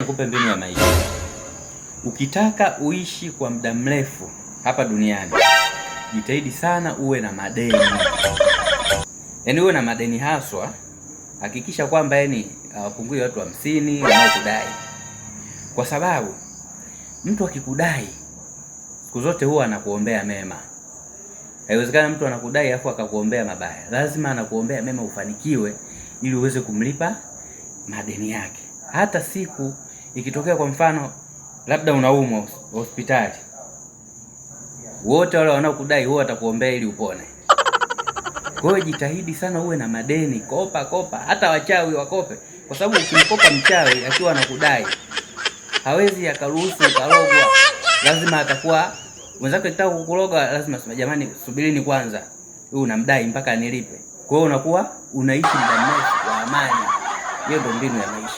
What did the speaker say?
Nikupe mbinu ya maisha. Ukitaka uishi kwa muda mrefu hapa duniani, jitahidi sana uwe na madeni, yaani uwe na madeni haswa. Hakikisha kwamba yani hawapungui ah, watu hamsini wanaokudai, kwa sababu mtu akikudai siku zote huwa anakuombea mema. Haiwezekana mtu anakudai afu akakuombea mabaya, lazima anakuombea mema, ufanikiwe ili uweze kumlipa madeni yake hata siku Ikitokea kwa mfano labda unaumwa hospitali, wote wale wanaokudai huwa watakuombea ili upone. Kwa hiyo jitahidi sana uwe na madeni, kopa kopa, hata wachawi wakope, kwa sababu ukimkopa mchawi akiwa anakudai hawezi akaruhusu ukarogwa, lazima atakuwa mwenzako kitaka kukuroga, lazima sema jamani, subirini kwanza, huyu unamdai mpaka nilipe. Kwa hiyo unakuwa unaishi muda mrefu kwa amani. Hiyo ndio mbinu ya maisha.